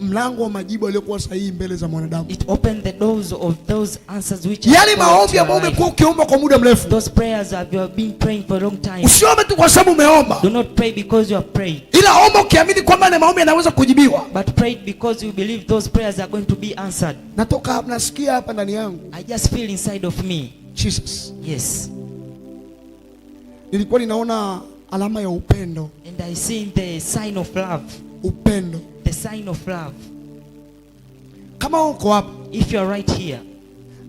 mlango wa majibu aliyokuwa sahihi mbele za mwanadamu. It opened the doors of those answers which yale yaani maombi ambayo umekuwa ukiomba kwa muda mrefu. Those prayers have you have been praying for a long time. Usiombe tu kwa sababu umeomba. Do not pray because you are praying. Ila omba ukiamini kwamba ile maombi yanaweza kujibiwa. But pray because you believe those prayers are going to be answered. Natoka hapa nasikia hapa ndani yangu. I just feel inside of me. Jesus. Yes. Nilikuwa ninaona alama ya upendo. And I see the sign of love. Upendo sign of love. Kama uko hapa, if you are right here,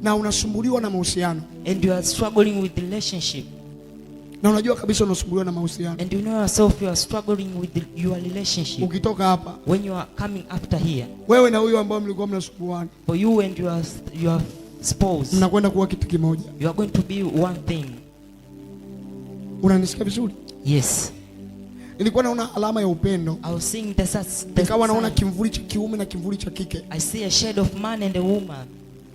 na unasumbuliwa na mahusiano, and you are struggling with relationship, na unajua kabisa unasumbuliwa na mahusiano, and you know yourself you are struggling with your relationship. Ukitoka hapa, when you are coming after here, wewe na huyo ambao mlikuwa mnasumbuana, for you and your your spouse, mnakwenda kuwa kitu kimoja, you are going to be one thing. Unanisikia vizuri? Yes. Nilikuwa naona alama ya upendo. nikawa naona kimvuli cha kiume na kimvuli cha kike. I see a shade of man and a woman.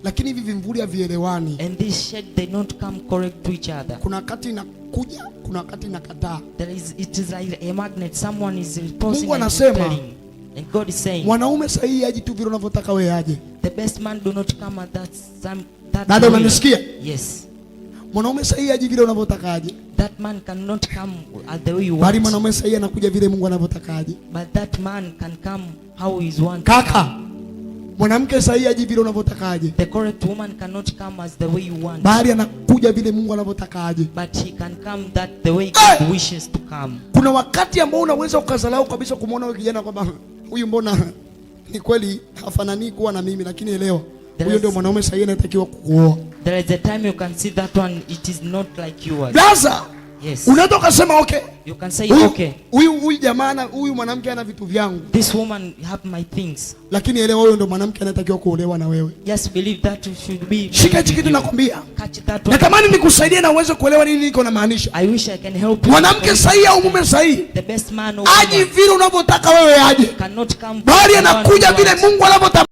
Lakini hivi vimvuli havielewani. And this shade they not come correct to each other. Kuna wakati inakuja, kuna wakati inakataa. There is it is like a magnet someone is repulsing. Mungu anasema And God is saying, mwanaume sahihi aje tu vile unavyotaka wewe aje. The best man do not come at that time. Dada, unanisikia? Yes. Mwanaume sahihi aji vile unavyotakaje. That man cannot come at the way you want. Bali mwanaume sahihi anakuja vile Mungu anavyotakaje. But that man can come how he is want. Kaka. Mwanamke sahihi aji vile unavyotakaje. The correct woman cannot come as the way you want. Bali anakuja vile Mungu anavyotakaje. But he can come that the way God hey! Eh! wishes to come. Kuna wakati ambao unaweza ukazalau kabisa kumwona kijana kwamba huyu mbona ni kweli hafanani kuwa na mimi, lakini elewa huyo ndio mwanaume sahihi anatakiwa kukuoa. There is a time you can see that one it is not like yours. Sasa yes. Unaweza kusema okay. You can say huyu, okay. Huyu huyu jamaa huyu mwanamke ana vitu vyangu. This woman have my things. Lakini elewa huyo ndo mwanamke anatakiwa kuolewa na wewe. Yes, believe that you should be. Shika hiki kitu nakwambia. Natamani nikusaidie na uweze kuelewa nini niko na maanisha. I wish I can help you. Mwanamke sahihi au mume sahihi. The best man. Aje vile unavyotaka wewe aje. Cannot come. Bali anakuja vile Mungu anavyotaka.